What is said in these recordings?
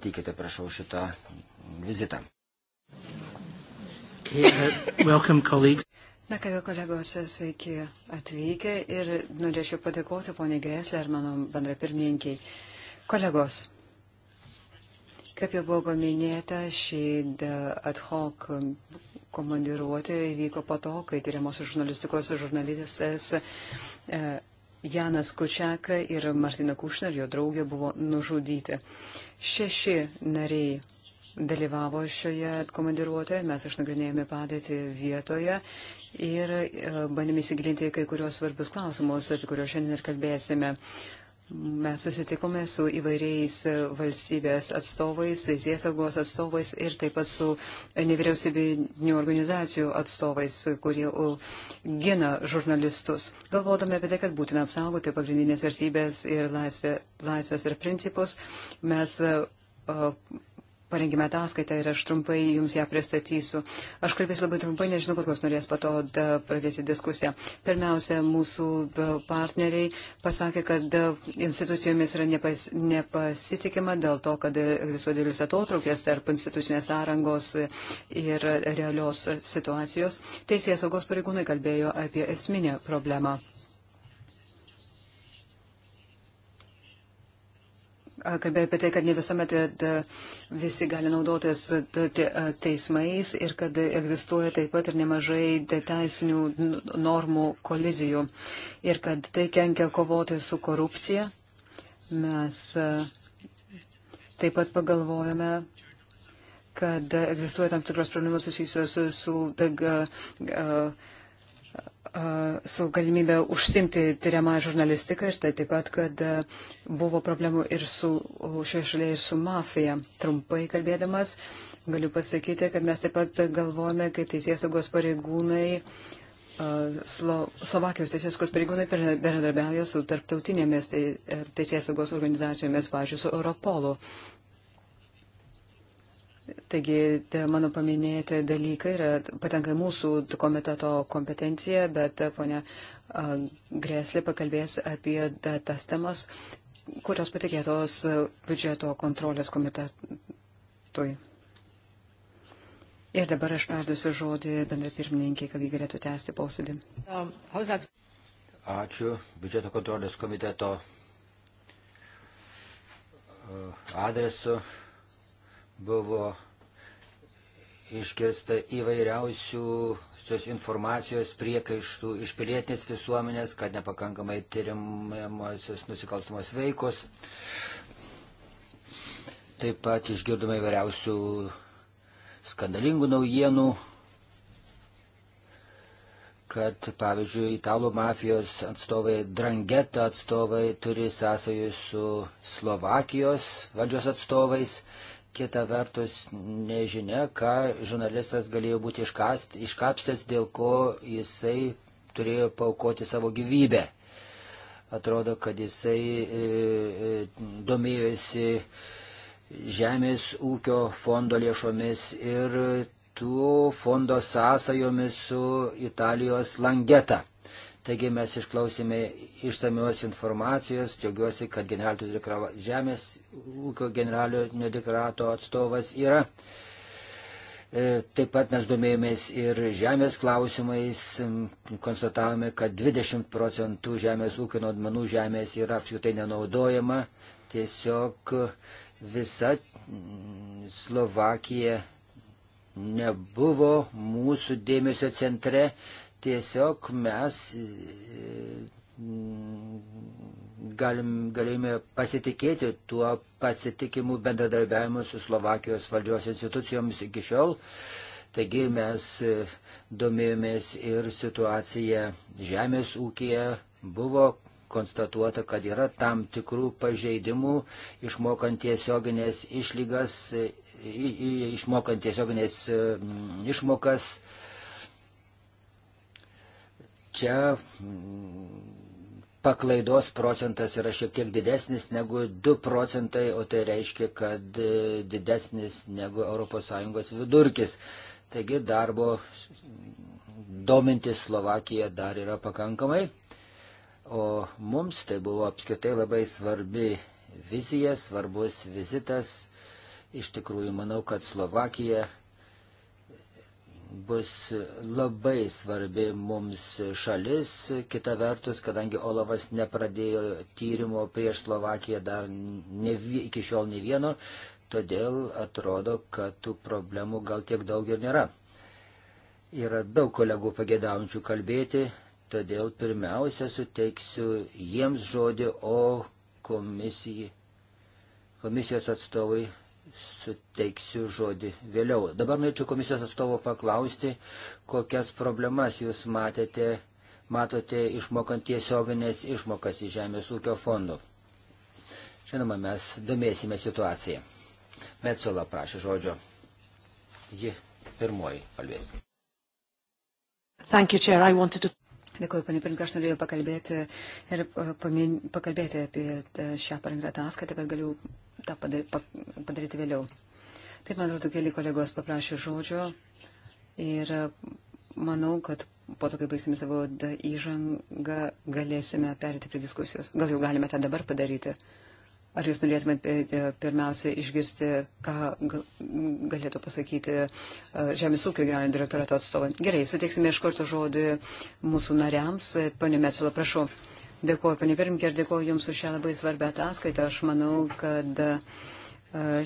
Pateikite, prašau, šitą vizitą. Uh, welcome, colleagues. Na ką, kolegos, sveiki atvykę ir norėčiau padėkoti ponė Greslė ir mano bendrapirmininkiai. Kolegos, kaip jau buvo paminėta, šį ad hoc komandiruotė įvyko po to, kai tyriamosios žurnalistikos žurnalistas e, Janas Kučiaka ir Martina Kušner, jo draugė, buvo nužudyti. Šeši nariai dalyvavo šioje komandiruotėje, mes išnagrinėjome padėtį vietoje ir e, bandėme įsigilinti kai kurios svarbius klausimus, apie kuriuos šiandien ir kalbėsime. Mes susitikome su įvairiais e, valstybės atstovais, teisėsaugos atstovais ir taip pat su nevyriausybinių organizacijų atstovais, kurie gina žurnalistus. Galvodami apie tai, kad būtina apsaugoti pagrindinės versybės ir laisvė, laisvės ir principus, mes e, parengime ataskaitą ir aš trumpai jums ją pristatysiu. Aš kalbėsiu labai trumpai, nežinau, kokios norės pato pradėti diskusiją. Pirmiausia, mūsų partneriai pasakė, kad institucijomis yra nepas, nepasitikima dėl to, kad egzistuoja dėlis atotrukės tarp institucinės sąrangos ir realios situacijos. Teisės saugos pareigūnai kalbėjo apie esminę problemą. kalbėjo apie tai, kad ne visuomet e, visi gali naudotis teismais ir kad egzistuoja taip pat ir nemažai teisinių normų kolizijų ir kad tai kenkia kovoti su korupcija. Mes e, taip pat pagalvojame kad egzistuoja tam tikros problemos susijusios su, su tag, uh, su galimybė užsimti tyriamą žurnalistiką ir tai taip pat, kad buvo problemų ir su šioje šalyje, ir su mafija. Trumpai kalbėdamas, galiu pasakyti, kad mes taip pat galvojame, kaip teisėsaugos pareigūnai, Slo, Slovakijos teisėsaugos pareigūnai bendradarbiauja su tarptautinėmis teisėsaugos organizacijomis, pažiūrėjau, su Europolu. Taigi mano paminėti dalykai yra, patenka mūsų komiteto kompetencija, bet e, ponia Greslė pakalbės apie tas temas, kurios patikėtos e, biudžeto kontrolės komitetui. Ir dabar aš perduosiu žodį bendrapirmininkiai, kad jį galėtų tęsti posėdį. Ačiū. Biudžeto kontrolės komiteto e, adresu Buvo išgirsta įvairiausių informacijos priekaištų iš pilietinės visuomenės, kad nepakankamai tyrimamosios nusikalstamos veikos. Taip pat išgirdome įvairiausių skandalingų naujienų, kad, pavyzdžiui, italų mafijos atstovai, drangeta atstovai turi sąsajų su Slovakijos valdžios atstovais Kita vertus, nežinia, ką žurnalistas galėjo būti iškast, iškapstęs, dėl ko jisai turėjo paukoti savo gyvybę. Atrodo, kad jisai e, e, domėjosi Žemės ūkio fondo lėšomis ir tų fondo sąsajomis su Italijos langeta. Taigi mes išklausėme išsamios informacijos, džiaugiuosi, kad generalinio deklaravo žemės ūkio generalinio deklarato atstovas yra. E, taip pat mes domėjomės ir žemės klausimais, konstatavome, kad 20 procentų žemės ūkio naudmenų žemės yra apskritai nenaudojama, tiesiog visa Slovakija nebuvo mūsų dėmesio centre Tiesiog mes mm, galim, galime pasitikėti tuo pasitikimų bendradarbiavimu su Slovakijos valdžios institucijomis iki šiol. Taigi mes e, domėjomės ir situaciją žemės ūkija. Buvo konstatuota, kad yra tam tikrų pažeidimų, išmokant tiesioginės išlygas, e, išmokant tiesioginės e, išmokas Čia mm, paklaidos procentas yra šiek tiek didesnis negu 2 procentai, o tai reiškia, kad e, didesnis negu ES vidurkis. Taigi darbo mm, domintis Slovakija dar yra pakankamai. O mums tai buvo apskritai labai svarbi vizija, svarbus vizitas. Iš tikrųjų, manau, kad Slovakija bus labai svarbi mums šalis. Kita vertus, kadangi Olavas nepradėjo tyrimo prieš Slovakiją dar ne, iki šiol ne vieno, todėl atrodo, kad tų problemų gal tiek daug ir nėra. Yra daug kolegų pagėdaujančių kalbėti, todėl pirmiausia suteiksiu jiems žodį, o komisijai, komisijos atstovai suteiksiu žodį vėliau. Dabar norėčiau komisijos atstovo paklausti, kokias problemas jūs matėte, matote išmokant tiesioginės išmokas į Žemės ūkio fondų. Žinoma, mes domėsime situaciją. Metsola prašė žodžio. Ji pirmoji kalbės. Thank you, Chair. I wanted to... Dėkuoju, panė Pirinka, aš norėjau pakalbėti ir e, pamin, pakalbėti apie e, šią parinktą ataskaitą, bet galiu tą padaryti vėliau. Taip, man atrodo, keli kolegos paprašė žodžio ir manau, kad po to, kai baigsim savo įžangą, galėsime perėti prie diskusijos. Gal jau galime tą dabar padaryti? Ar jūs norėtumėt e, e, pirmiausia išgirsti, ką galėtų pasakyti e, Žemės ūkio generalinio direktorato atstovai? Gerai, suteiksime iš karto žodį mūsų nariams. Pane Metsulo, prašau. Dėkuoju, panė Pirmkė, ir dėkuoju Jums už šią labai svarbę ataskaitą. Aš manau, kad e,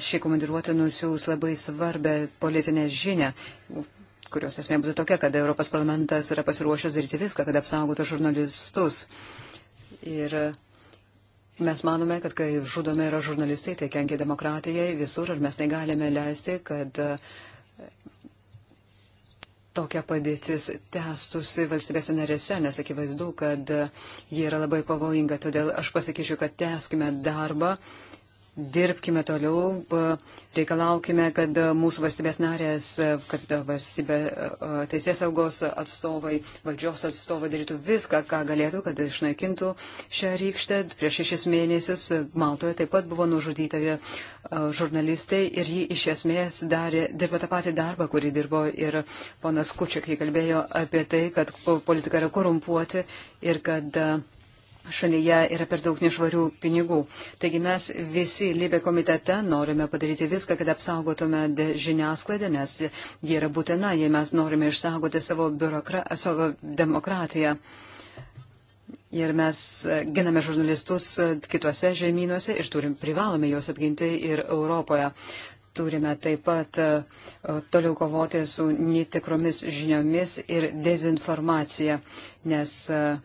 šį komandiruotę nusiūs labai svarbę politinę žinę kurios esmė būtų tokia, kad Europos parlamentas yra pasiruošęs daryti viską, kad apsaugotų žurnalistus. Ir mes manome, kad kai žudome yra žurnalistai, tai kenkia demokratijai visur ir mes negalime leisti, kad uh, tokia padėtis tęstusi valstybėse narėse, nes akivaizdu, kad jie yra labai pavojinga. Todėl aš pasakyčiau, kad tęskime darbą dirbkime toliau, e, reikalaukime, kad mūsų valstybės narės, e, kad valstybė e, teisės saugos atstovai, valdžios atstovai darytų viską, ką galėtų, kad išnaikintų šią rykštę. Prieš šešis mėnesius Maltoje taip pat buvo nužudyta žurnalistai ir ji iš esmės darė, dirba tą patį darbą, kurį dirbo ir ponas Kučiak, kai kalbėjo apie tai, kad politika yra korumpuoti ir kad uh, šalyje yra per daug nešvarių pinigų. Taigi mes visi Libė komitete norime padaryti viską, kad apsaugotume žiniasklaidą, nes ji yra būtina, jei mes norime išsaugoti savo, biurokra... savo demokratiją. Ir mes giname žurnalistus kitose žemynuose ir turim, privalome juos apginti ir Europoje. Turime taip pat e, toliau kovoti su netikromis žiniomis ir dezinformacija, nes uh,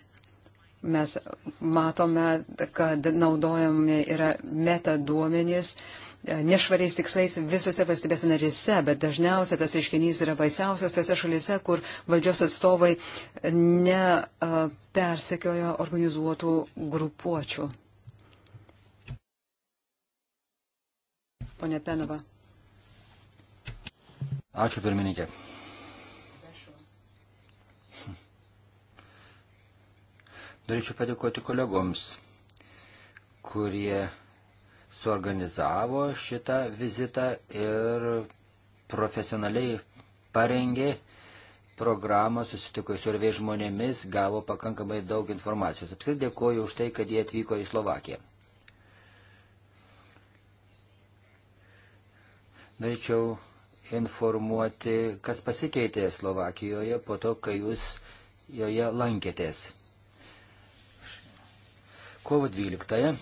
Mes matome, kad naudojami yra metaduomenys e, nešvariais tikslais visose valstybėse narise, bet dažniausiai tas reiškinys yra baisiausias tose šalise, kur valdžios atstovai nepersekioja e, organizuotų grupuočių. Pone Penova. Ačiū pirmininkė. Norėčiau padėkoti kolegoms, kurie suorganizavo šitą vizitą ir profesionaliai parengė programą, susitiko su irviai žmonėmis, gavo pakankamai daug informacijos. Apskritai dėkoju už tai, kad jie atvyko į Slovakiją. Norėčiau informuoti, kas pasikeitė Slovakijoje po to, kai jūs joje lankėtės. Kovo 12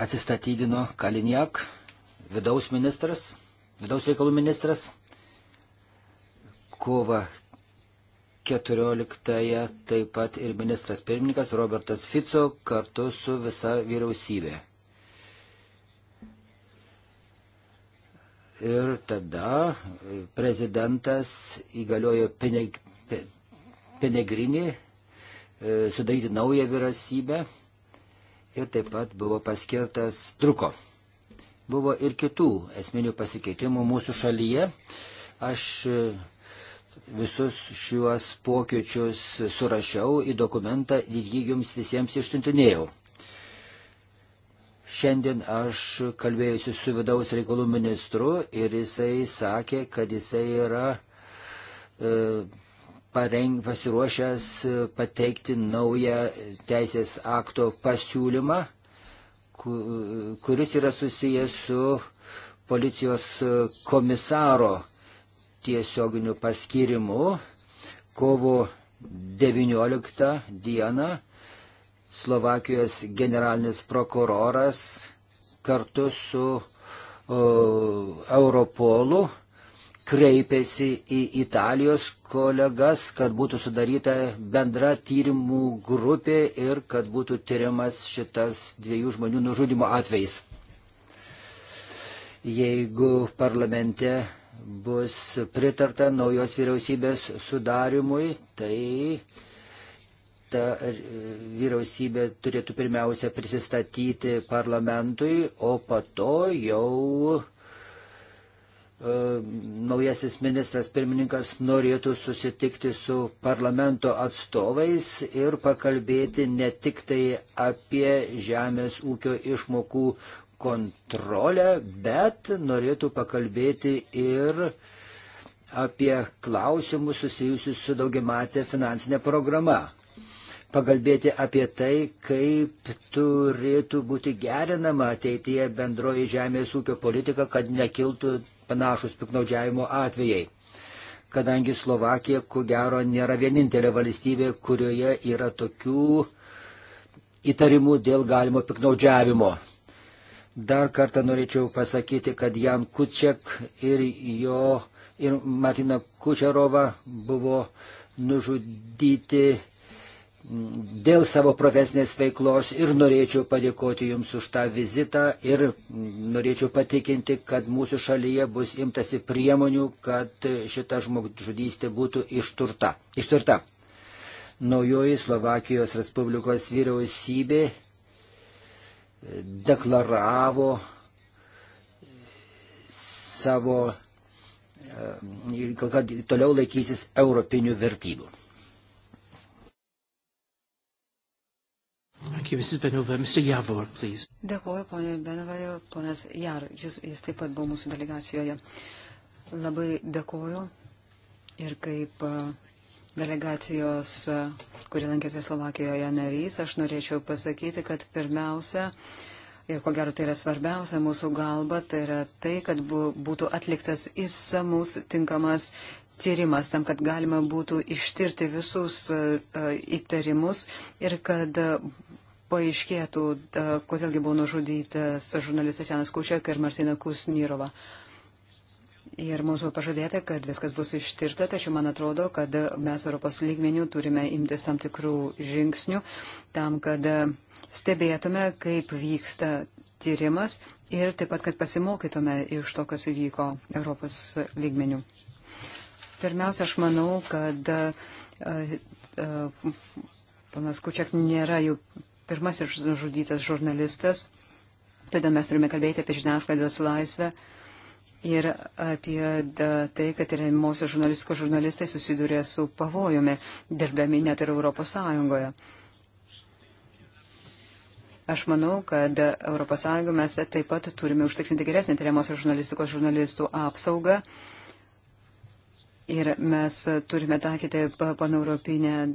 atsistatydino Kaliniak, vidaus ministras, vidaus reikalų ministras. Kovo 14-ąją taip pat ir ministras pirmininkas Robertas Fico kartu su visa vyriausybė. Ir tada prezidentas įgaliojo Penegrinį E, sudaryti naują vyriausybę ir taip pat buvo paskirtas truko. Buvo ir kitų esminių pasikeitimų mūsų šalyje. Aš e, visus šiuos pokyčius surašiau į dokumentą ir jį jums visiems išsintinėjau. Šiandien aš kalbėjusiu su vidaus reikalų ministru ir jisai sakė, kad jisai yra e, pareng, pasiruošęs pateikti naują teisės akto pasiūlymą, kuris yra susijęs su policijos komisaro tiesioginiu paskirimu. Kovo 19 dieną Slovakijos generalinis prokuroras kartu su o, Europolu kreipėsi į Italijos kolegas, kad būtų sudaryta bendra tyrimų grupė ir kad būtų tyriamas šitas dviejų žmonių nužudimo atvejs. Jeigu parlamente bus pritarta naujos vyriausybės sudarimui, tai ta vyriausybė turėtų pirmiausia prisistatyti parlamentui, o po to jau E, naujasis ministras pirmininkas norėtų susitikti su parlamento atstovais ir pakalbėti ne tik tai apie žemės ūkio išmokų kontrolę, bet norėtų pakalbėti ir apie klausimus susijusius su daugiamatė finansinė programa. Pagalbėti apie tai, kaip turėtų būti gerinama ateityje bendroji žemės ūkio politika, kad nekiltų panašus piknaudžiavimo atvejai. Kadangi Slovakija, ku gero, nėra vienintelė valstybė, kurioje yra tokių įtarimų dėl galimo piknaudžiavimo. Dar kartą norėčiau pasakyti, kad Jan Kučiak ir jo ir Martina Kučerova buvo nužudyti dėl savo profesinės veiklos ir norėčiau padėkoti Jums už tą vizitą ir norėčiau patikinti, kad mūsų šalyje bus imtasi priemonių, kad šita žmogžudystė būtų išturta. išturta. Naujoji Slovakijos Respublikos vyriausybė deklaravo savo, e, kad toliau laikysis europinių vertybių. Dėkuoju, ponė Benovai, ponas Jar, jūs, jis taip pat buvo mūsų delegacijoje. Labai dėkuoju ir kaip delegacijos, kuri lankėsi Slovakijoje narys, aš norėčiau pasakyti, kad pirmiausia, ir ko gero tai yra svarbiausia mūsų galba, tai yra tai, kad būtų atliktas įsamus tinkamas tyrimas, tam, kad galima būtų ištirti visus įtarimus ir kad paaiškėtų, kodėlgi buvo nužudytas žurnalistas Janas Kučiak ir Martina Kusnyrova. Ir mums buvo pažadėta, kad viskas bus ištirta, tačiau man atrodo, kad mes Europos lygmenių turime imtis tam tikrų žingsnių tam, kad stebėtume, kaip vyksta tyrimas ir taip pat, kad pasimokytume iš to, kas įvyko Europos lygmenių. Pirmiausia, aš manau, kad uh, uh, panas Kučiak nėra jų pirmasis žudytas žurnalistas. Todėl mes turime kalbėti apie žiniasklaidos laisvę ir apie tai, kad remiamosios žurnalistikos žurnalistai susiduria su pavojumi, dirbdami net ir Europos Sąjungoje. Aš manau, kad ES mes taip pat turime užtikrinti geresnį tyriamosios žurnalistikos žurnalistų apsaugą. Ir mes turime taikyti paneuropinę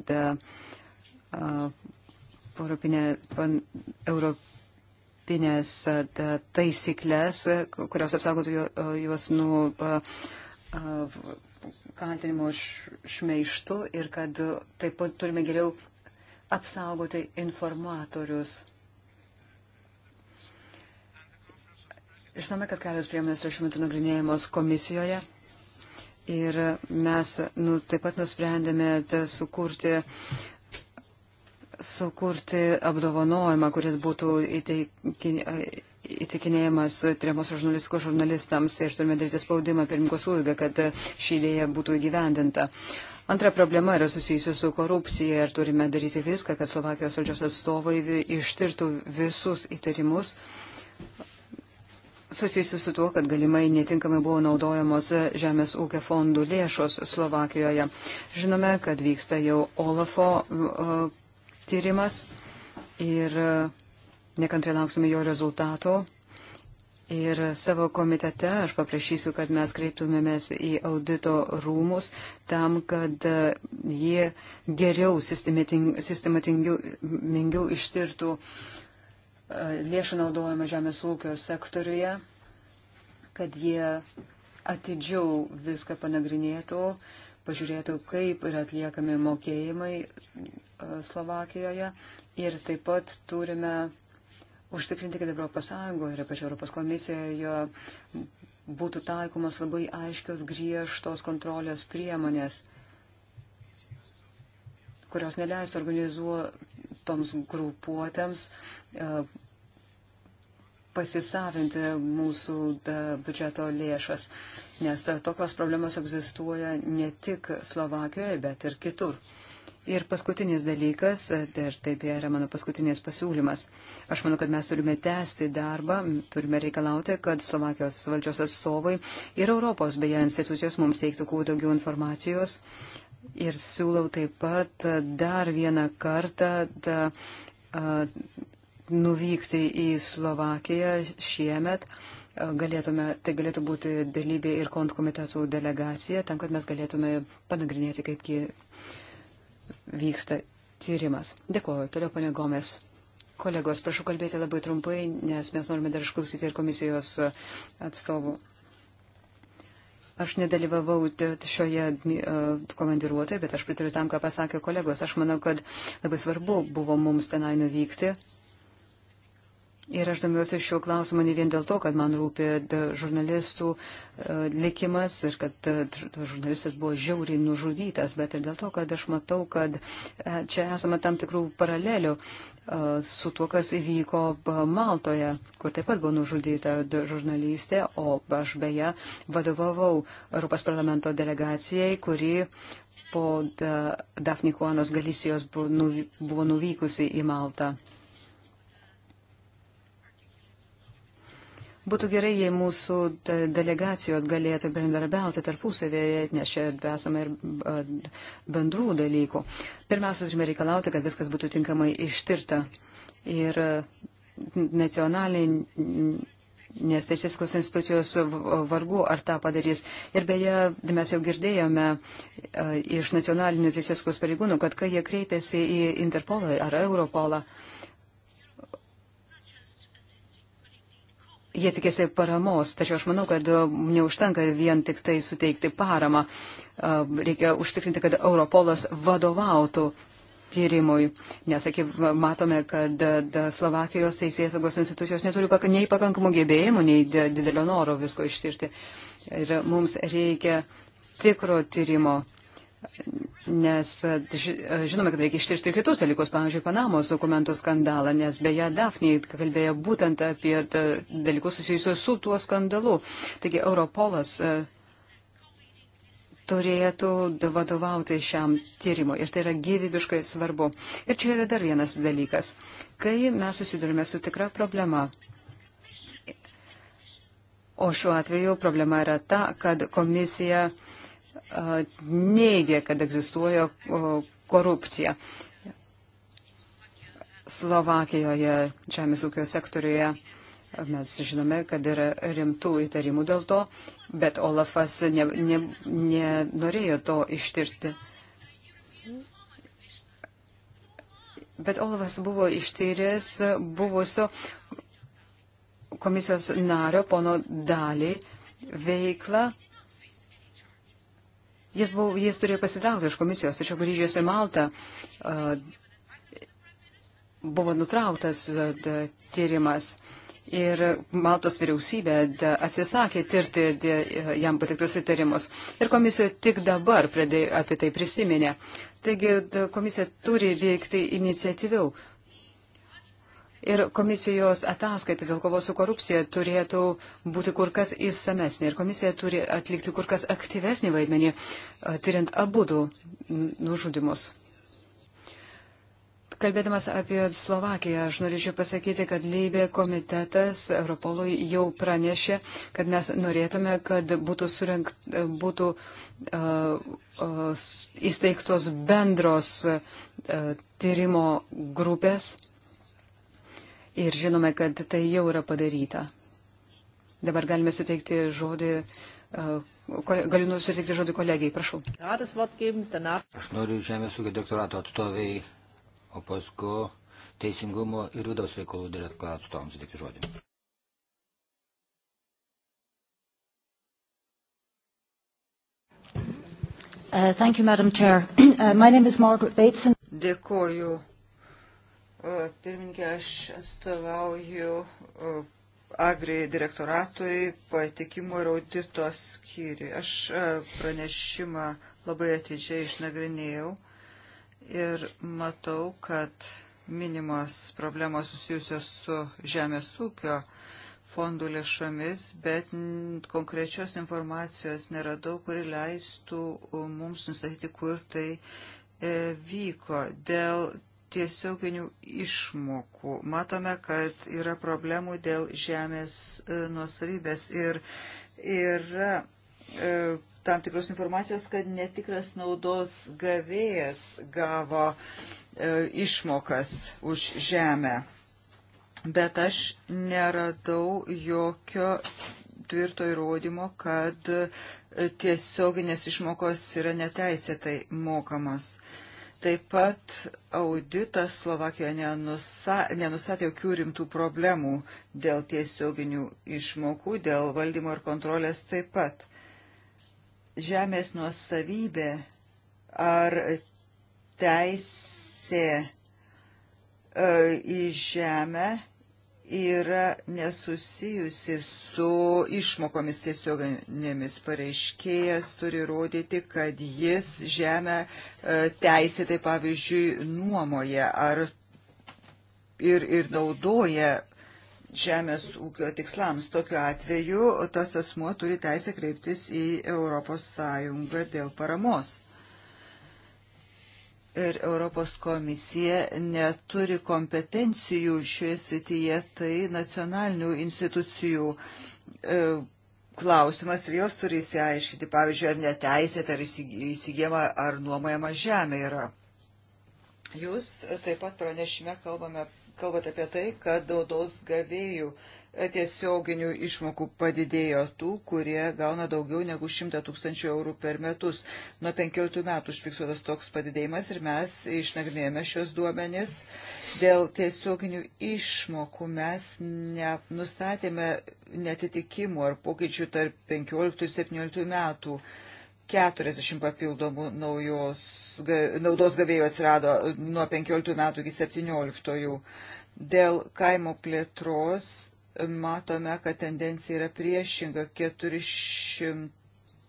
europinė, pan, europinės taisyklės, kurios apsaugotų juos nuo kaltinimo šmeištų ir kad taip pat turime geriau apsaugoti informatorius. Žinome, kad kelios priemonės yra šiuo metu nagrinėjamos komisijoje ir mes nu, taip pat nusprendėme sukurti uh, sukurti apdovanojimą, kuris būtų įtikinėjimas tiriamos žurnalistikos žurnalistams ir turime daryti spaudimą pirmininko suviga, kad ši idėja būtų įgyvendinta. Antra problema yra susijusi su korupcija ir turime daryti viską, kad Slovakijos valdžios atstovai ištirtų visus įtarimus susijusiu su tuo, kad galimai netinkamai buvo naudojamos Žemės ūkio fondų lėšos Slovakijoje. Žinome, kad vyksta jau Olafo tyrimas ir e, nekantrai lauksime jo rezultato. Ir savo komitete aš paprašysiu, kad mes kreiptumėmės į audito rūmus tam, kad e, jie geriau sistematingiau ištirtų e, lėšų naudojimą žemės ūkio sektoriuje, kad jie atidžiau viską panagrinėtų, pažiūrėtų, kaip yra atliekami mokėjimai E, Slovakijoje ir taip pat turime užtikrinti, kad Europos Sąjungoje ir ypač Europos komisijoje būtų taikomas labai aiškios griežtos kontrolės priemonės, kurios neleistų organizuotoms grupuotėms e, pasisavinti mūsų e, biudžeto lėšas, nes tokios problemos egzistuoja ne tik Slovakijoje, bet ir kitur. Ir paskutinis dalykas, ir tai taip yra mano paskutinis pasiūlymas. Aš manau, kad mes turime tęsti darbą, turime reikalauti, kad Slovakijos valdžios atstovai ir Europos beje institucijos mums teiktų kuo daugiau informacijos. Ir siūlau taip pat dar vieną kartą da, a, nuvykti į Slovakiją šiemet. Galėtume, tai galėtų būti dalybė ir kontkomitetų delegacija, tam, kad mes galėtume panagrinėti, kaip ji. Ki vyksta tyrimas. Dėkuoju. Toliau, ponė Gomes. Kolegos, prašau kalbėti labai trumpai, nes mes norime dar išklausyti ir komisijos atstovų. Aš nedalyvavau šioje e, komandiruotėje, bet aš pritariu tam, ką pasakė kolegos. Aš manau, kad labai svarbu buvo mums tenai nuvykti Ir aš domiuosi šiuo klausimu ne vien dėl to, kad man rūpė žurnalistų e, likimas ir kad e, žurnalistas buvo žiauriai nužudytas, bet ir dėl to, kad aš matau, kad e, čia esame tam tikrų paralelių su tuo, kas įvyko Maltoje, kur taip pat buvo nužudyta žurnalistė, o aš beje vadovavau Europos parlamento delegacijai, kuri po Dafnikuanos Galisijos buvo nuvykusi į Maltą. Būtų gerai, jei mūsų delegacijos galėtų bendradarbiauti tarpusavėje, nes čia esame ir bendrų dalykų. Pirmiausia, turime reikalauti, kad viskas būtų tinkamai ištirta. Ir nacionaliniai nes teisėskos institucijos vargu ar tą padarys. Ir beje, mes jau girdėjome iš nacionalinių teisėskos pareigūnų, kad kai jie kreipiasi į Interpolą ar Europolą, jie tikėsi paramos, tačiau aš manau, kad e, neužtenka vien tik tai suteikti paramą. E, reikia užtikrinti, kad Europolas vadovautų tyrimui, nes akiv, matome, kad e, da, Slovakijos teisėsaugos institucijos neturi pak nei pakankamų gebėjimų, nei didelio noro visko ištirti. Ir mums reikia tikro tyrimo. Nes e, e, žinome, kad reikia ištirti ir kitus dalykus, pavyzdžiui, Panamos dokumentų skandalą, nes beje, Dafnė kalbėjo būtent apie e, dalykus susijusius su tuo skandalu. Taigi Europolas turėtų vadovauti šiam tyrimui ir tai yra gyvybiškai svarbu. Ir čia yra dar vienas dalykas. Kai mes susidurime su tikra problema, o šiuo atveju problema yra ta, kad komisija neigia, kad egzistuoja korupcija. Slovakijoje žemės ūkio sektoriuje mes žinome, kad yra rimtų įtarimų dėl to, bet Olafas nenorėjo ne, ne to ištirti. Bet Olafas buvo ištyręs buvusio komisijos nario pono dalį veiklą Jis, buvo, jis turėjo pasitraukti iš komisijos, tačiau grįžęs į Maltą buvo nutrauktas tyrimas ir Maltos vyriausybė atsisakė tirti jam patiktus įtarimus. Ir komisija tik dabar pradėjo apie tai prisiminė. Taigi komisija turi veikti iniciatyviau. Ir komisijos ataskaita dėl kovos su korupcija turėtų būti kur kas įsamesnė. Ir komisija turi atlikti kur kas aktyvesnį vaidmenį, tyriant abudu nužudimus. Kalbėdamas apie Slovakiją, aš norėčiau pasakyti, kad Lybė komitetas Europolui jau pranešė, kad mes norėtume, kad būtų, surinkt, būtų uh, uh, įsteigtos bendros uh, tyrimo grupės Ir žinome, kad tai jau yra padaryta. Dabar galime suteikti žodį, e, galiu nu suteikti žodį kolegijai, prašau. Aš noriu Žemės ūkio doktorato atstoviai, o paskui Teisingumo ir vidaus reikalų direktorato atstovams suteikti žodį. Uh, you, uh, Dėkoju, E, Pirminkė, aš atstovauju e, Agri direktoratui patikimo ir audito skyriui. Aš e, pranešimą labai atidžiai išnagrinėjau ir matau, kad minimos problemos susijusios su žemės ūkio fondų lėšomis, bet konkrečios informacijos neradau, kuri leistų mums nustatyti, kur tai vyko. Dėl tiesioginių išmokų. Matome, kad yra problemų dėl žemės e, nuosavybės ir yra e, tam tikros informacijos, kad netikras naudos gavėjas gavo e, išmokas už žemę. Bet aš neradau jokio tvirto įrodymo, kad e, tiesioginės išmokos yra neteisėtai mokamos. E, Taip pat auditas Slovakijoje nenusatė jokių rimtų problemų dėl tiesioginių išmokų, dėl valdymo ir kontrolės taip pat. Žemės nuosavybė ar teisė e, į žemę yra nesusijusi su išmokomis tiesioginėmis. Pareiškėjas turi rodyti, kad jis žemę e, teisėtai, pavyzdžiui, nuomoja ar ir, ir naudoja žemės ūkio tikslams. Tokiu atveju tas asmuo turi teisę kreiptis į ES dėl paramos ir Europos komisija neturi kompetencijų šioje srityje, tai nacionalinių institucijų e, klausimas ir jos turi įsiaiškinti, pavyzdžiui, ar neteisėta, ar įsigijama, ar nuomojama žemė yra. Jūs taip pat pranešime kalbame kalbate apie tai, kad naudos gavėjų e, tiesioginių išmokų padidėjo tų, kurie gauna daugiau negu 100 tūkstančių eurų per metus. Nuo 15 metų užfiksuotas toks padidėjimas ir mes išnagrinėjome šios duomenis. Dėl tiesioginių išmokų mes ne, nustatėme netitikimų ar pokyčių tarp 15 ir 17 metų 40 papildomų naujos naudos gavėjų atsirado nuo 15 metų iki 17. Dėl kaimo plėtros matome, kad tendencija yra priešinga 400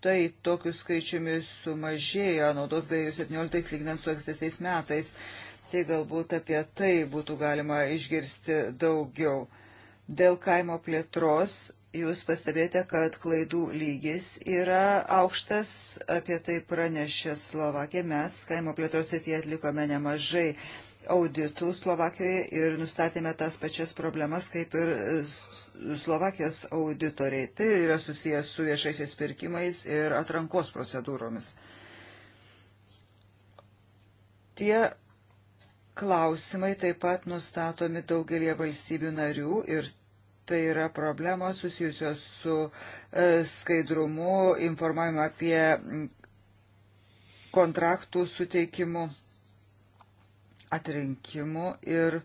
tai tokiu skaičiumi sumažėjo naudos gavėjų 17 lyginant su ankstesiais metais. Tai galbūt apie tai būtų galima išgirsti daugiau. Dėl kaimo plėtros jūs pastebėjote, kad klaidų lygis yra aukštas, apie tai pranešė Slovakija. Mes kaimo plėtros srityje atlikome nemažai auditų Slovakijoje ir nustatėme tas pačias problemas kaip ir Slovakijos auditoriai. Tai yra susijęs su viešaisiais pirkimais ir atrankos procedūromis. Tie klausimai taip pat nustatomi daugelie valstybių narių ir tai yra problemos susijusios su e, skaidrumu, informavimu apie kontraktų suteikimu, atrinkimu ir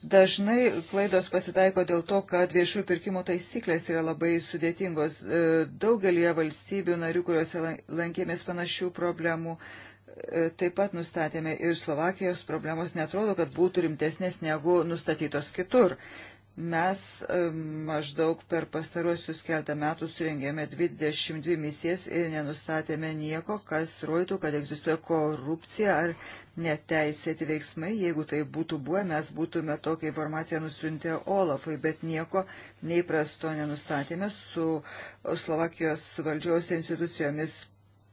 Dažnai klaidos pasitaiko dėl to, kad viešųjų pirkimų taisyklės yra labai sudėtingos. E, daugelie valstybių narių, kuriuose lankėmės panašių problemų, e, taip pat nustatėme ir Slovakijos problemos netrodo, kad būtų rimtesnės negu nustatytos kitur. Mes e, maždaug per pastaruosius keltą metų surengėme 22 misijas ir nenustatėme nieko, kas rodytų, kad egzistuoja korupcija ar neteisėti veiksmai. Jeigu tai būtų buvę, mes būtume tokią informaciją nusiuntę Olafui, bet nieko neįprasto nenustatėme su Slovakijos valdžios institucijomis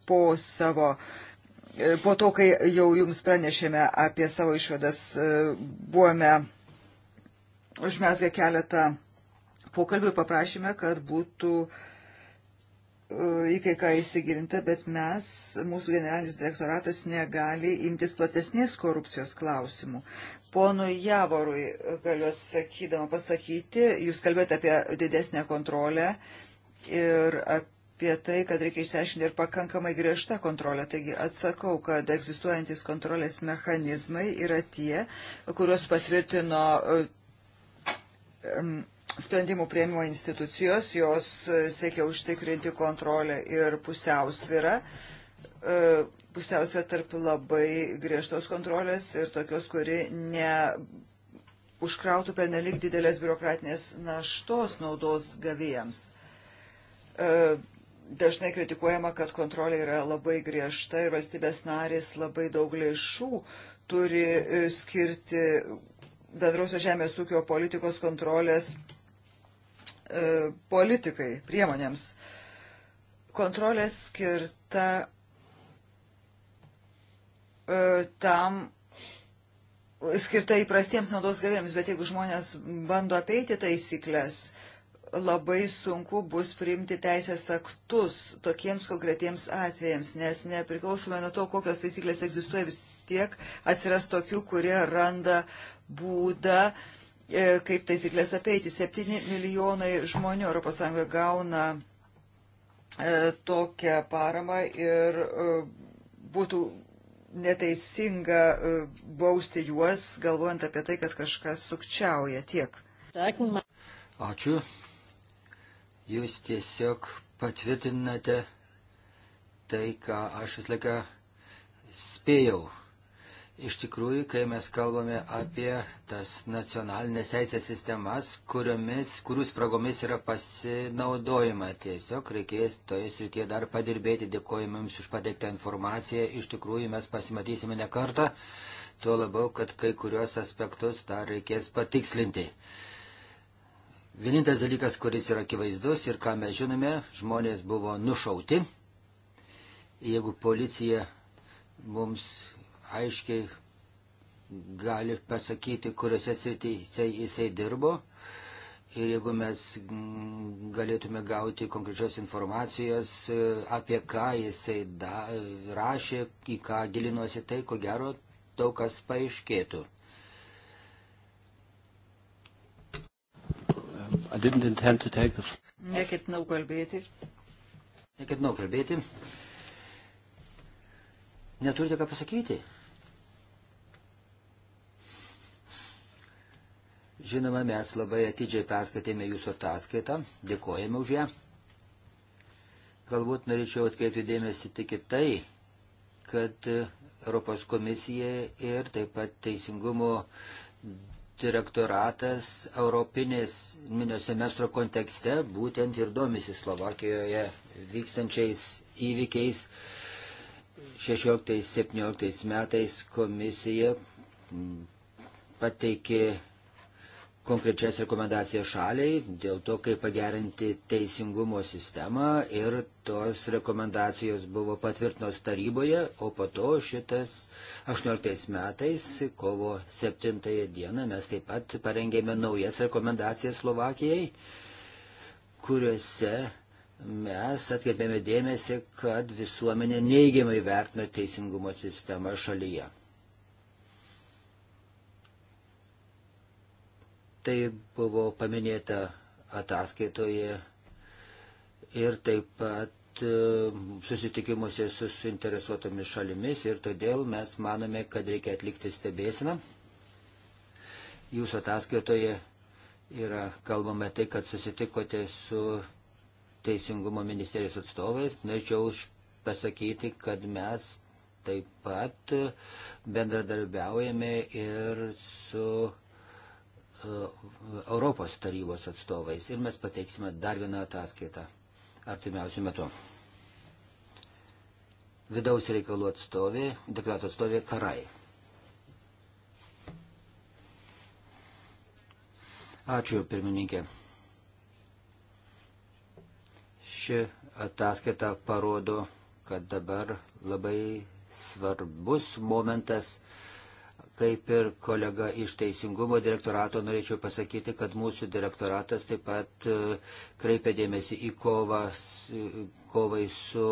po savo e, po to, kai jau jums pranešėme apie savo išvadas, e, buvome užmesgę keletą pokalbių paprašėme, kad būtų e, į kai ką įsigilinta, bet mes, mūsų generalinis direktoratas, negali imtis platesnės korupcijos klausimų. Ponui Javorui galiu atsakydama pasakyti, jūs kalbėjote apie didesnę kontrolę ir apie tai, kad reikia išsiaiškinti ir pakankamai griežta kontrolė. Taigi atsakau, kad egzistuojantis kontrolės mechanizmai yra tie, kuriuos patvirtino sprendimų prieimimo institucijos, jos e, siekia užtikrinti kontrolę ir pusiausvyrą. E, Pusiausvė tarp labai griežtos kontrolės ir tokios, kuri ne užkrautų per nelik didelės biurokratinės naštos naudos gavėjams. E, dažnai kritikuojama, kad kontrolė yra labai griežta ir valstybės narės labai daug lėšų turi skirti bendrosios žemės ūkio politikos kontrolės e, politikai, priemonėms. Kontrolė skirta e, tam, skirta įprastiems naudos gavėjams, bet jeigu žmonės bando apeiti taisyklės, labai sunku bus priimti teisės aktus tokiems konkretiems atvejams, nes nepriklausomai nuo to, kokios taisyklės egzistuoja, vis, tiek atsiras tokių, kurie randa būdą e, kaip taisyklės apeiti. 7 milijonai žmonių ES gauna e, tokią paramą ir e, būtų neteisinga bausti juos, galvojant apie tai, kad kažkas sukčiauja tiek. Ačiū. Jūs tiesiog patvirtinate tai, ką aš visą laiką spėjau Iš tikrųjų, kai mes kalbame apie tas nacionalinės teisės sistemas, kuriomis, kurių spragomis yra pasinaudojama, tiesiog reikės toje srityje dar padirbėti, dėkojame Jums už pateiktą informaciją, iš tikrųjų mes pasimatysime ne kartą, tuo labiau, kad kai kurios aspektus dar reikės patikslinti. Vienintelis dalykas, kuris yra akivaizdus ir ką mes žinome, žmonės buvo nušauti. Jeigu policija mums aiškiai gali pasakyti, kuriuose srityse jisai dirbo. Ir jeigu mes galėtume gauti konkrečios informacijos, e, apie ką jisai da, rašė, į ką gilinosi, tai ko gero daug kas paaiškėtų. Um, Neketinau kalbėti. Neketinau kalbėti. Neturite ką pasakyti? Žinoma, mes labai atidžiai perskaitėme jūsų ataskaitą, dėkojame už ją. Galbūt norėčiau atkreipti dėmesį tik į tai, kad Europos komisija ir taip pat Teisingumo direktoratas Europinės minio semestro kontekste būtent ir domisi Slovakijoje vykstančiais įvykiais. 16-17 metais komisija pateikė konkrečias rekomendacijas šaliai dėl to, kaip pagerinti teisingumo sistemą ir tos rekomendacijos buvo patvirtinos taryboje, o po to šitas 18 metais, kovo 7 dieną, mes taip pat parengėme naujas rekomendacijas Slovakijai, kuriuose mes atkreipėme dėmesį, kad visuomenė neigiamai vertina teisingumo sistemą šalyje. Tai buvo paminėta ataskaitoje ir taip pat e, susitikimuose su suinteresuotomis šalimis ir todėl mes manome, kad reikia atlikti stebėsiną. Jūsų ataskaitoje yra kalbama tai, kad susitikote su Teisingumo ministerijos atstovais. Norėčiau pasakyti, kad mes taip pat e, bendradarbiaujame ir su E, Europos tarybos atstovais ir mes pateiksime dar vieną ataskaitą artimiausių metų. Vidaus reikalų atstovė, deklato atstovė Karai. Ačiū, pirmininkė. Ši ataskaita parodo, kad dabar labai svarbus momentas Kaip ir kolega iš Teisingumo direktorato norėčiau pasakyti, kad mūsų direktoratas taip pat e, kreipia dėmesį į kovas, e, kovai su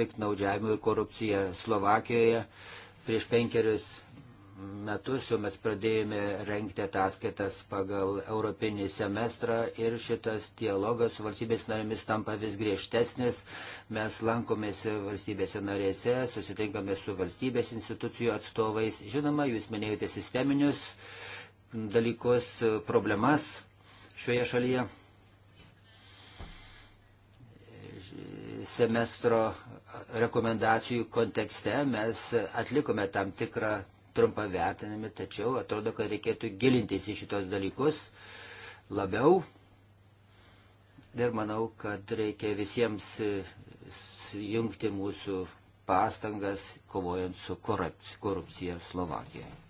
piknaudžiavimu ir korupcija Slovakijoje. Prieš penkerius metus jau mes pradėjome renkti ataskaitas pagal europinį semestrą ir šitas dialogas su valstybės narėmis tampa vis griežtesnis. Mes lankomės valstybėse narėse, susitinkame su valstybės institucijų atstovais. Žinoma, jūs minėjote sisteminius dalykus, problemas šioje šalyje. semestro rekomendacijų kontekste mes atlikome tam tikrą trumpa vertinami, tačiau atrodo, kad reikėtų gilintis į šitos dalykus labiau. Ir manau, kad reikia visiems jungti mūsų pastangas, kovojant su korupcija Slovakijoje.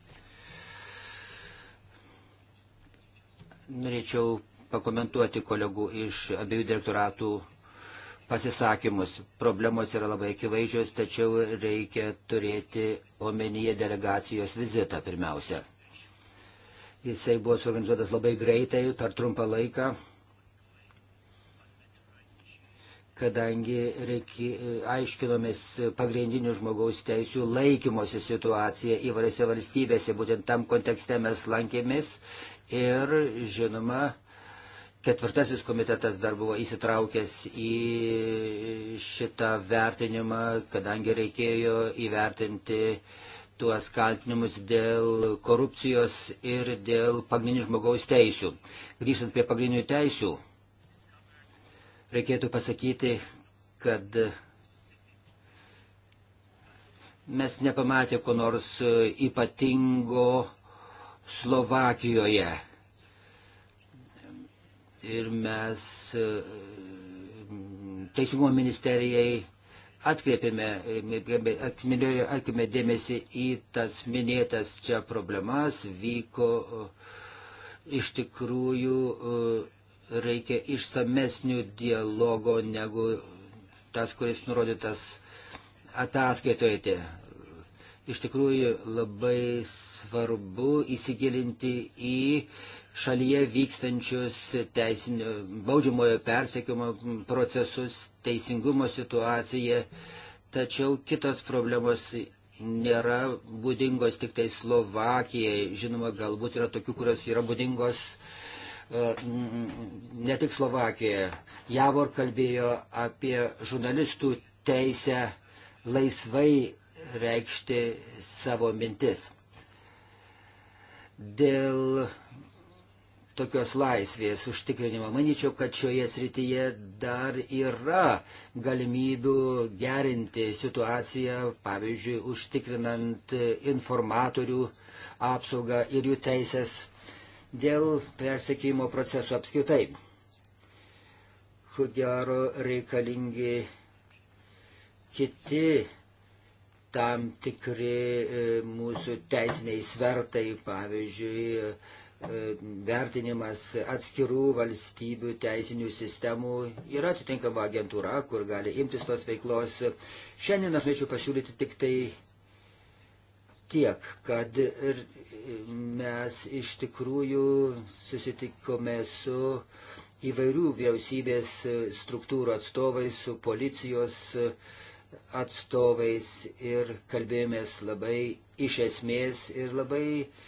Norėčiau pakomentuoti kolegų iš abiejų direktoratų pasisakymus. Problemos yra labai akivaizdžios, tačiau reikia turėti omenyje delegacijos vizitą pirmiausia. Jisai buvo suorganizuotas labai greitai, per trumpą laiką, kadangi reiki, aiškinomės pagrindinių žmogaus teisų laikymosi situaciją įvairiose valstybėse. Būtent tam kontekste mes lankėmės ir, žinoma, Ketvirtasis komitetas dar buvo įsitraukęs į šitą vertinimą, kadangi reikėjo įvertinti tuos kaltinimus dėl korupcijos ir dėl pagrindinių žmogaus teisių. Grįžtant prie pagrindinių teisių, reikėtų pasakyti, kad mes nepamatė ko nors ypatingo Slovakijoje ir mes e, Teisingumo ministerijai atkreipėme, atkreipėme dėmesį į tas minėtas čia problemas, vyko e, iš tikrųjų e, reikia išsamesnių dialogo negu tas, kuris nurodytas ataskaitoje. Iš tikrųjų labai svarbu įsigilinti į šalyje vykstančius teisinio baudžiamojo persekiojimo procesus, teisingumo situaciją, tačiau kitos problemos nėra būdingos tik tai Slovakijai. Žinoma, galbūt yra tokių, kurios yra būdingos e, ne tik Slovakijoje. Javor kalbėjo apie žurnalistų teisę laisvai reikšti savo mintis. Dėl tokios laisvės užtikrinimą. Manyčiau, kad šioje srityje dar yra galimybių gerinti situaciją, pavyzdžiui, užtikrinant informatorių apsaugą ir jų teisės dėl persekėjimo procesų apskritai. Ko gero reikalingi kiti tam tikri e, mūsų teisiniai svertai, pavyzdžiui, E, vertinimas atskirų valstybių teisinių sistemų yra atitinkama agentūra, kur gali imtis tos veiklos. Šiandien aš norėčiau pasiūlyti tik tai tiek, kad mes iš tikrųjų susitikome su įvairių vyriausybės struktūrų atstovais, su policijos atstovais ir kalbėjomės labai iš esmės ir labai uh,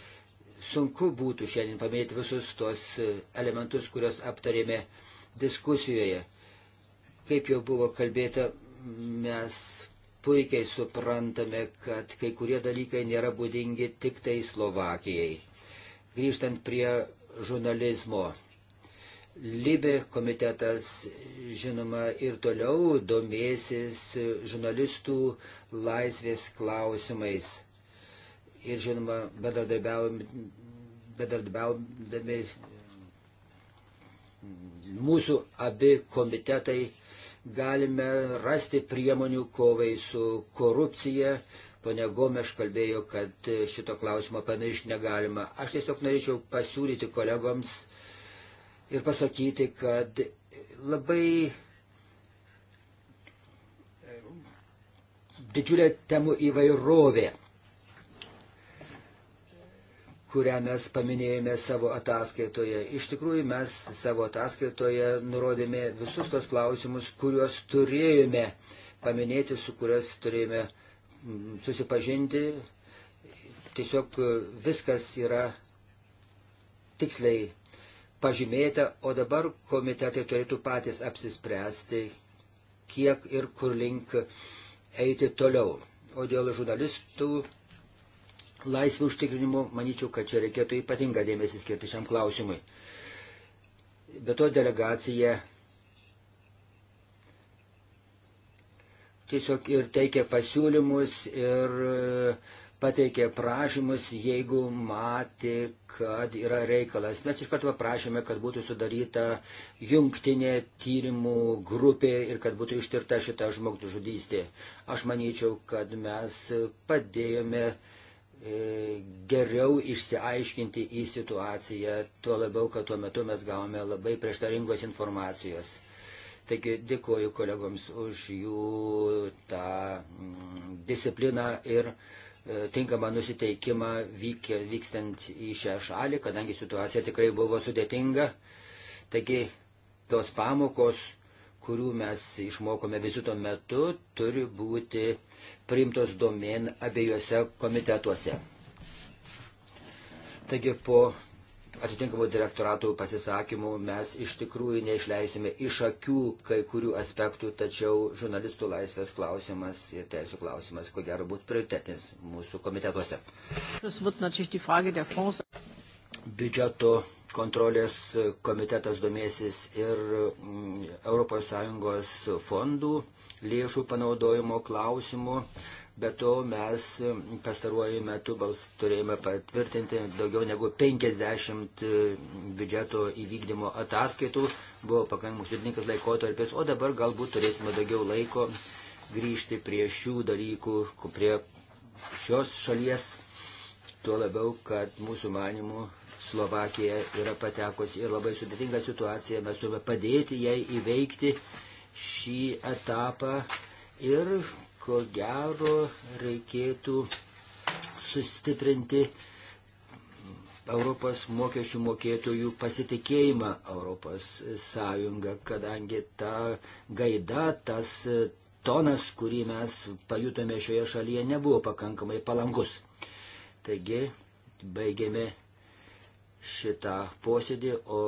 sunku būtų šiandien paminėti visus tos e, elementus, kuriuos aptarėme diskusijoje. Kaip jau buvo kalbėta, mes puikiai suprantame, kad kai kurie dalykai nėra būdingi tik tai Slovakijai. Grįžtant prie žurnalizmo. Libė komitetas, žinoma, ir toliau domėsis žurnalistų laisvės klausimais ir žinoma bedarbiaudami mm, mūsų abi komitetai galime rasti priemonių kovai su korupcija. Pone Gomeš kalbėjo, kad šito klausimo pamiršti negalima. Aš tiesiog norėčiau pasiūlyti kolegoms ir pasakyti, kad labai e, didžiulė temų įvairovė kurią mes paminėjome savo ataskaitoje. Iš tikrųjų, mes savo ataskaitoje nurodėme visus tos klausimus, kuriuos turėjome paminėti, su kuriuos turėjome mm, susipažinti. Tiesiog e, viskas yra tiksliai pažymėta, o dabar komitetai turėtų patys apsispręsti, kiek ir kur link eiti toliau. O dėl žurnalistų laisvių užtikrinimu, manyčiau, kad čia reikėtų ypatingą dėmesį skirti šiam klausimui. Be to delegacija tiesiog ir teikia pasiūlymus ir e, pateikė prašymus, jeigu matė, kad yra reikalas. Mes iš karto paprašėme, kad būtų sudaryta jungtinė tyrimų grupė ir kad būtų ištirta šita žmogžudystė. Aš manyčiau, kad mes padėjome uh, E, geriau išsiaiškinti į situaciją, tuo labiau, kad tuo metu mes gavome labai prieštaringos informacijos. Taigi dėkoju kolegoms už jų tą mm, discipliną ir e, tinkamą nusiteikimą vyk, vykstant į šią šalį, kadangi situacija tikrai buvo sudėtinga. Taigi tos pamokos, kurių mes išmokome vizito metu, turi būti priimtos domen abiejose komitetuose. Taigi po atitinkamų direktoratų pasisakymų mes iš tikrųjų neišleisime iš akių kai kurių aspektų, tačiau žurnalistų laisvės klausimas ir teisų klausimas, ko gero, būtų prioritetinis mūsų komitetuose biudžeto kontrolės komitetas domėsis ir mm, ES fondų lėšų panaudojimo klausimų. Be to mes mm, pastaruoju metu bals, turėjome patvirtinti daugiau negu 50 mm, biudžeto įvykdymo ataskaitų. Buvo pakankamai sudėtingas laikotarpis, o dabar galbūt turėsime daugiau laiko grįžti prie šių dalykų, prie šios šalies Tuo labiau, kad mūsų manimų Slovakija yra patekusi ir labai sudėtinga situacija. Mes turime padėti jai įveikti šį etapą ir ko gero reikėtų sustiprinti Europos mokesčių mokėtojų pasitikėjimą Europos Sąjunga, kadangi ta gaida, tas tonas, kurį mes pajutome šioje šalyje, nebuvo pakankamai palankus. Taigi, baigėme šitą posėdį, o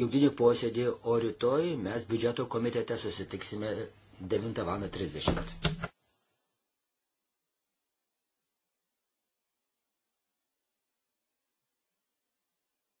jungtinį posėdį, o rytoj mes biudžeto komitete susitiksime 9.30.